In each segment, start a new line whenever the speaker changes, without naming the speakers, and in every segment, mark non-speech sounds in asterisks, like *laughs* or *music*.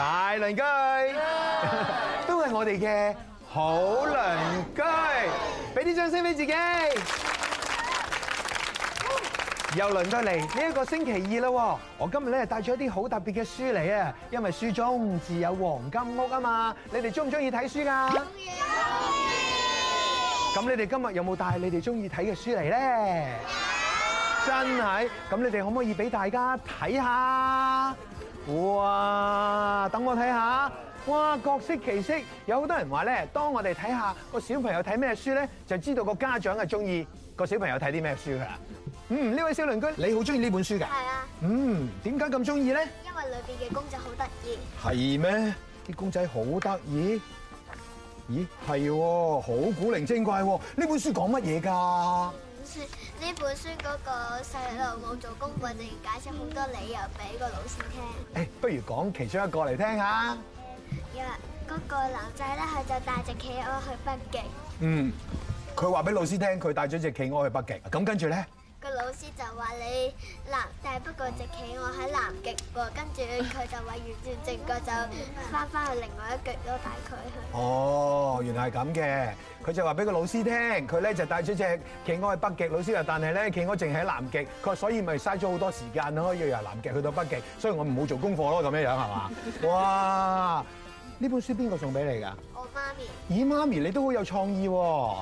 大鄰居都係我哋嘅好鄰居，俾啲掌聲俾自己。又輪到嚟呢一個星期二啦，我今日咧帶咗一啲好特別嘅書嚟啊！因為書中自有黃金屋啊嘛，你哋中唔中意睇書噶？中意。咁你哋今日有冇帶你哋中意睇嘅書嚟咧？有。真係，咁你哋可唔可以俾大家睇下？哇！等我睇下，哇！各色其色，有好多人話咧，當我哋睇下個小朋友睇咩書咧，就知道個家長係中意個小朋友睇啲咩書噶。嗯，呢位小鄰居你好中意呢本書噶？係啊。嗯，點解咁中意咧？因為裏邊嘅公仔好得意。係咩？啲公仔好得意？咦，係，好古靈精怪。呢本書講乜嘢噶？呢本書嗰個細路冇做功課，就要解釋好多理由俾個老師聽。誒，不如講其中一個嚟聽下。誒嗰個男仔咧，佢就帶隻企鵝去北極。嗯，佢話俾老師聽，佢帶咗隻企鵝去北極。咁跟住咧，個老師就話你南，但係不過隻企鵝喺南極喎。跟住佢就話，完全正確就返返去另外一極咯，帶佢去。哦。係咁嘅，佢就話俾個老師聽，佢咧就帶咗隻企鵝去北極，老師話，但係咧企鵝淨喺南極，佢話所以咪嘥咗好多時間咯，可以由南極去到北極，所以我唔好做功課咯，咁樣樣係嘛？ *laughs* 哇！呢本書邊個送俾你㗎？我媽咪，咦，媽咪你都好有創意喎，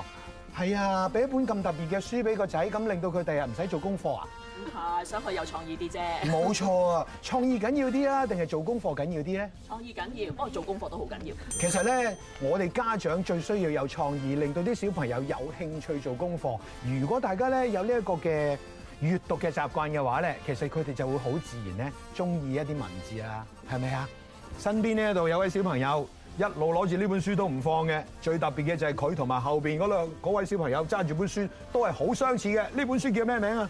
係啊，俾一本咁特別嘅書俾個仔，咁令到佢第日唔使做功課啊？係，想去有創意啲啫。冇錯啊，創意緊要啲啦，定係做功課緊要啲咧？創意緊要，不過做功課都好緊要。其實咧，我哋家長最需要有創意，令到啲小朋友有興趣做功課。如果大家咧有呢一個嘅閱讀嘅習慣嘅話咧，其實佢哋就會好自然咧中意一啲文字啊，係咪啊？身邊呢度有位小朋友一路攞住呢本書都唔放嘅，最特別嘅就係佢同埋後邊嗰兩位小朋友揸住本書都係好相似嘅。呢本書叫咩名啊？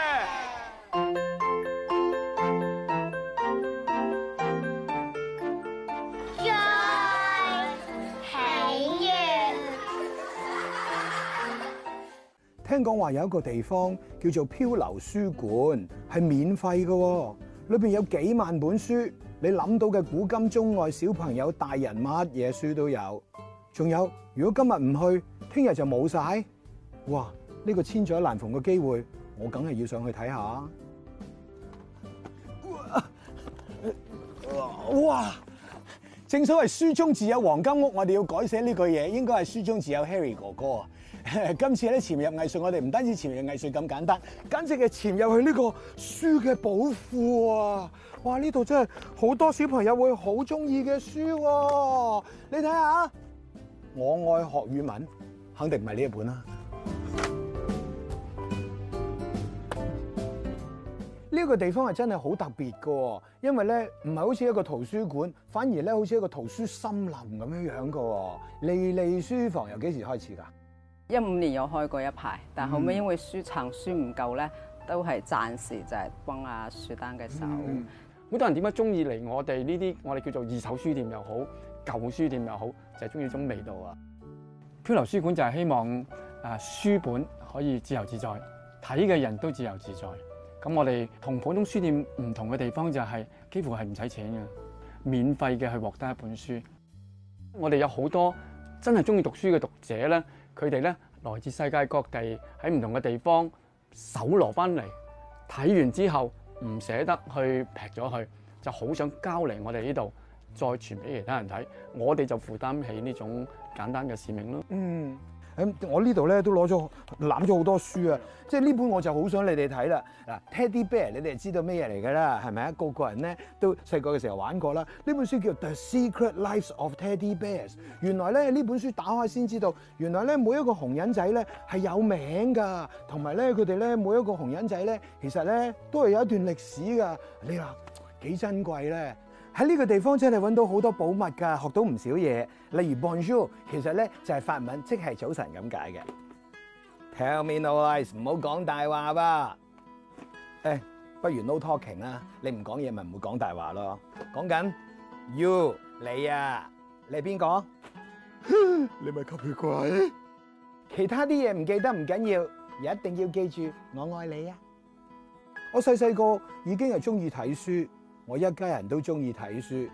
聽講話有一個地方叫做漂流書館，係免費嘅，裏邊有幾萬本書，你諗到嘅古今中外小朋友、大人乜嘢書都有。仲有，如果今日唔去，聽日就冇晒。哇！呢、這個千載難逢嘅機會，我梗係要上去睇下、啊。哇！正所謂書中自有黃金屋，我哋要改寫呢句嘢，應該係書中自有 Harry 哥哥啊！ *laughs* 今次咧，潛入藝術，我哋唔單止潛入藝術咁簡單，簡直係潛入去呢個書嘅寶庫啊！哇，呢度真係好多小朋友會好中意嘅書喎、啊。你睇下，我愛學語文，肯定唔係呢一本啦、啊。呢、這個地方係真係好特別嘅，因為咧唔係好似一個圖書館，反而咧好似一個圖書森林咁樣樣嘅。莉莉書房由幾時開始㗎？一五年有開過一排，但後尾因為書層、嗯、書唔夠呢，都係暫時就係幫阿、啊、雪丹嘅手。好、嗯、多人點解鍾意嚟我哋呢啲，我哋叫做二手書店又好舊書店又好，就係鍾意種味道啊！漂流書館就係希望啊書本可以自由自在，睇嘅人都自由自在。咁我哋同普通書店唔同嘅地方就係、是、幾乎係唔使錢嘅，免費嘅去獲得一本書。我哋有好多真係鍾意讀書嘅讀者呢。佢哋咧來自世界各地，喺唔同嘅地方搜羅翻嚟，睇完之後唔捨得去擗咗佢，就好想交嚟我哋呢度，再傳俾其他人睇。我哋就負擔起呢種簡單嘅使命咯。嗯。咁我呢度咧都攞咗攬咗好多書啊，即係呢本我就好想你哋睇啦。嗱 *music* ，Teddy Bear 你哋知道咩嘢嚟㗎啦，係咪啊？個個人咧都細個嘅時候玩過啦。呢本書叫《The Secret Lives of Teddy Bears》，原來咧呢本書打開先知道，原來咧每一個熊公仔咧係有名㗎，同埋咧佢哋咧每一個熊公仔咧其實咧都係有一段歷史㗎。你話幾珍貴咧？喺呢個地方真係搵到好多寶物噶，學到唔少嘢。例如 Bonjour，其實咧就係法文，即係早晨咁解嘅。Tell me no lies，唔好講大話吧。誒、欸，不如 no talking 啊，你唔講嘢咪唔會講大話咯。講緊 you，你啊，你係邊個？ *laughs* 你咪吸血鬼。其他啲嘢唔記得唔緊要，要，一定要記住我愛你啊！我細細個已經係中意睇書。我一家人都中意睇書，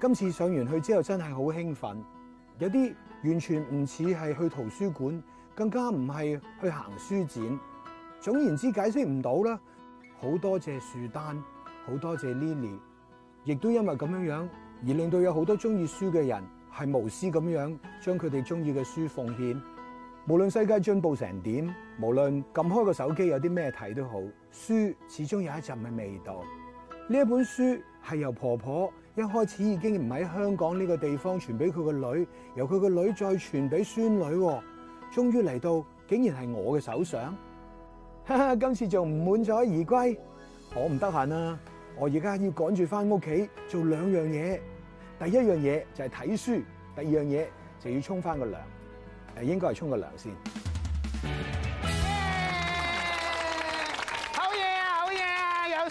今次上完去之後真係好興奮，有啲完全唔似係去圖書館，更加唔係去行書展，總言之解釋唔到啦。好多謝樹丹，好多謝 Lily，亦都因為咁樣樣而令到有好多中意書嘅人係無私咁樣將佢哋中意嘅書奉獻。無論世界進步成點，無論撳開個手機有啲咩睇都好，書始終有一陣嘅味道。呢一本書係由婆婆一開始已經唔喺香港呢個地方傳俾佢個女，由佢個女再傳俾孫女，終於嚟到竟然係我嘅手上。哈哈，今次仲唔滿載而歸？我唔得閒啊，我而家要趕住翻屋企做兩樣嘢。第一樣嘢就係睇書，第二樣嘢就要沖翻個涼。誒、呃，應該係沖個涼先。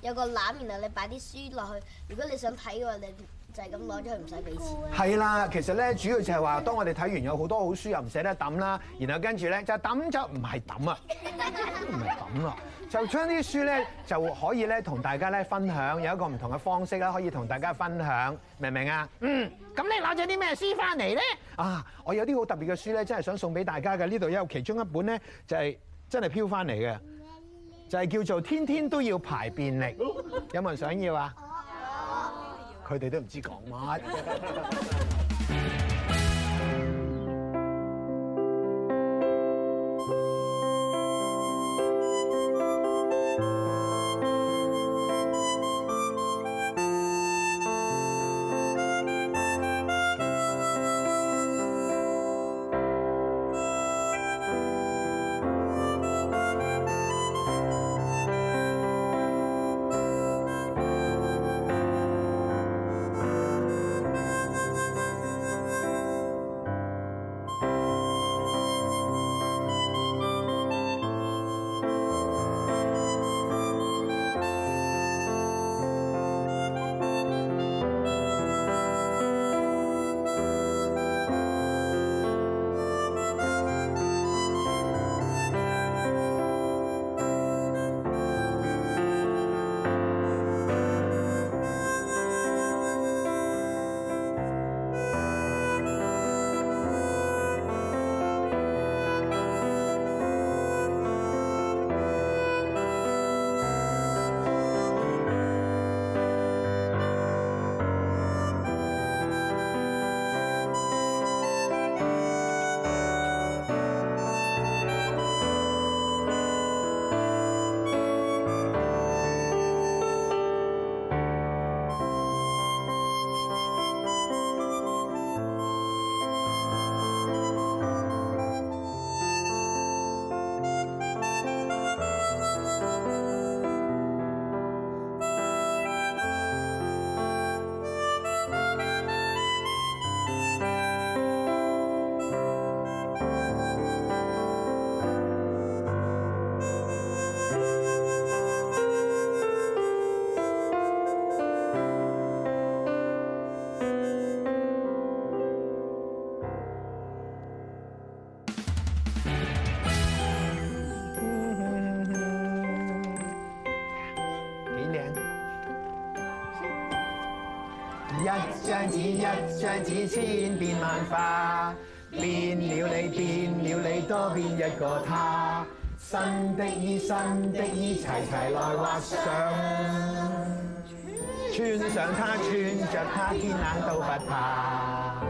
有個籃，然後你擺啲書落去。如果你想睇嘅話，你就係咁攞咗佢，唔使俾錢。係啦，其實咧，主要就係話，當我哋睇完有好多好書又唔捨得抌啦，然後跟住咧就抌咗，唔係抌啊，唔係抌啊，就將啲書咧就可以咧同大家咧分享，有一個唔同嘅方式啦，可以同大家分享，明唔明啊？嗯。咁你攞咗啲咩書翻嚟咧？啊，我有啲好特別嘅書咧，真係想送俾大家嘅。呢度有其中一本咧，就係真係漂翻嚟嘅。就係，是，叫做天天都要排便力，有冇人想要啊？佢哋 *music* 都唔知講乜。一張紙，一張紙，千變萬化，變了你，變了你，多變一個他。新的衣，新的衣，齊齊來畫上，穿上它，穿着它，天冷都不怕。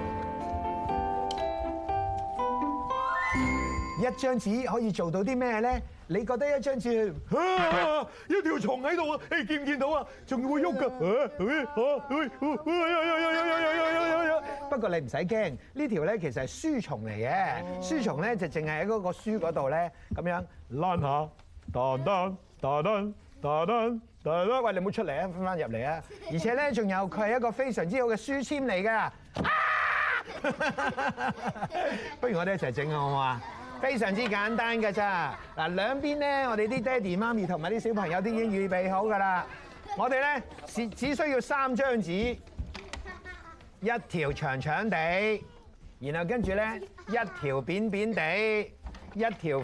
一張紙可以做到啲咩咧？你覺得一張紙？嚇！一條蟲喺度啊！誒，見唔見到啊？仲會喐㗎？嚇！喂！嚇！喂！喂！呀呀呀呀呀呀呀呀！不過你唔使驚，呢條咧其實係書蟲嚟嘅。書蟲咧就淨係喺嗰個書嗰度咧咁樣 run 哈！彈彈彈彈彈彈彈！喂你唔好出嚟啊！翻翻入嚟啊！而且咧仲有佢係一個非常之好嘅書籤嚟㗎。不如我哋一齊整吓，好唔好啊？非常之簡單㗎咋。嗱，兩邊咧，我哋啲爹哋媽咪同埋啲小朋友都已經預備好噶啦。我哋咧，只只需要三張紙，一條長長地，然後跟住咧，一條扁扁地，一條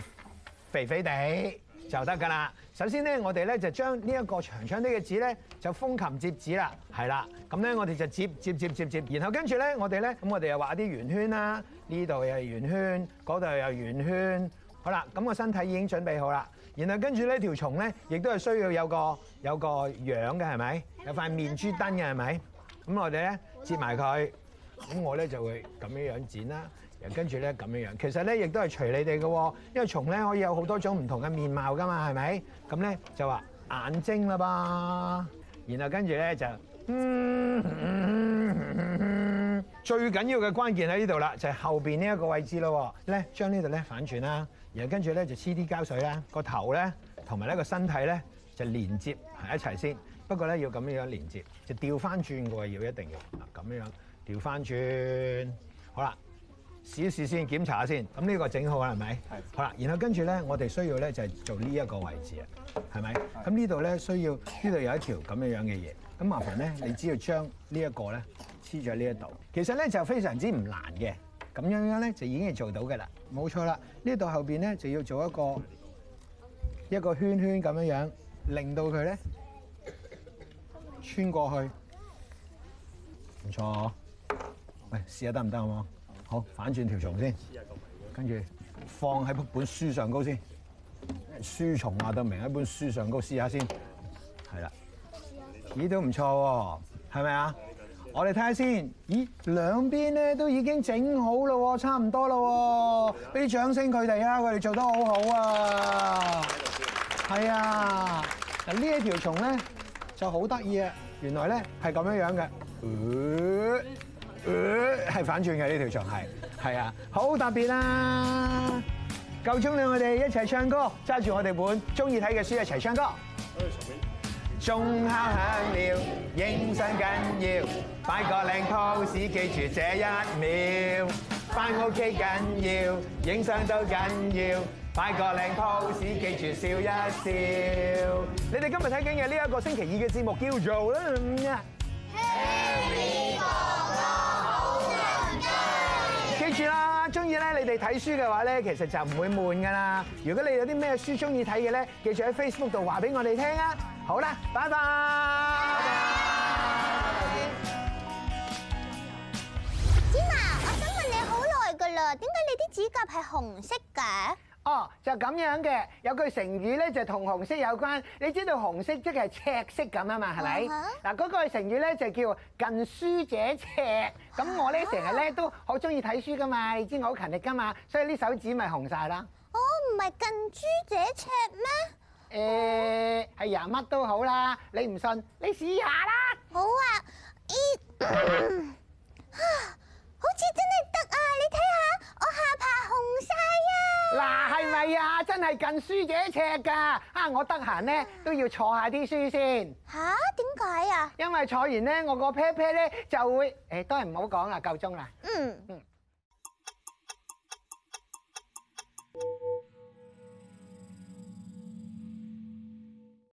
肥肥地。就得噶啦。首先咧，我哋咧就將呢一個長長啲嘅紙咧，就風琴摺紙啦，係啦。咁咧，我哋就摺摺摺摺摺，然後跟住咧，我哋咧咁，我哋又畫啲圓圈啦。呢度又係圓圈，嗰度又圓圈，圈。好啦，咁我身體已經準備好啦。然後跟住呢條蟲咧亦都係需要有個有個樣嘅，係咪？有塊面珠燈嘅係咪？咁我哋咧摺埋佢。咁我咧就會咁樣樣剪啦。跟住咧咁樣樣，其實咧亦都係隨你哋嘅，因為蟲咧可以有好多種唔同嘅面貌㗎嘛，係咪？咁咧就話眼睛啦噃，然後跟住咧就 *laughs* 最緊要嘅關鍵喺呢度啦，就係、是、後邊呢一個位置咯。咧將呢度咧反轉啦，然後跟住咧就黐啲膠水啦，個頭咧同埋呢個身體咧就連接係一齊先。不過咧要咁樣連接，就調翻轉過要一定要啊，咁樣調翻轉好啦。試一試先，檢查下先。咁呢個整好啦，係咪？係。好啦，然後跟住咧，我哋需要咧就係做呢一個位置啊，係咪？咁呢度咧需要，呢度有一條咁樣樣嘅嘢。咁麻煩咧，你只要將呢一個咧黐咗呢一度。其實咧就非常之唔難嘅，咁樣樣咧就已經係做到嘅啦。冇錯啦，呢度後面咧就要做一個一個圈圈咁樣樣，令到佢咧穿過去。唔錯，喂，試下得唔得，好唔好？好反轉條蟲先，跟住放喺本書上高先，書蟲啊，到明喺本書上高試下先，係啦，咦都唔錯喎，係咪啊？我哋睇下先，咦兩邊咧都已經整好喎，差唔多喎。俾啲掌聲佢哋啊，佢哋做得好好啊，係啊，嗱呢一條蟲咧就好得意啊，原來咧係咁樣樣嘅，嗯、呃。呃，係反轉嘅呢條蟲，係係啊，好特別啦！夠鐘啦，我哋一齊唱歌，揸住我哋本鍾意睇嘅書一齊唱歌。喺度上面。鐘敲響了，影相緊要，擺個靚 pose，記住這一秒。翻屋企緊要，影相都緊要，擺個靚 pose，記住笑一笑。你哋今日睇緊嘅呢一個星期二嘅節目叫做咧。住啦，中意咧，你哋睇書嘅話咧，其實就唔會悶噶啦。如果你有啲咩書中意睇嘅咧，記住喺 Facebook 度話俾我哋聽啊。好啦，拜拜。芝麻，拜拜拜拜拜拜 yana, 我想問你好耐噶啦，點解你啲指甲係紅色嘅？哦，就咁樣嘅，有句成語咧就同紅色有關，你知道紅色即係赤色咁啊嘛，係咪？嗱，嗰句成語咧就叫近書者赤，咁我咧成日咧都好中意睇書噶嘛，你知我好勤力噶嘛，所以啲手指咪紅曬啦。我唔係近朱者赤咩？誒，係呀，乜都好啦，你唔信，你試下啦。好啊，咦，嚇，好似真係得啊！你睇下，我下巴紅曬啊。嗱。係、哎、啊，真係近書者赤㗎！啊，我得閒咧都要坐下啲書先。吓、啊？點解啊？因為坐完咧，我個 pat pat 咧就會，誒、哎、都係唔好講啦，夠鐘啦。嗯。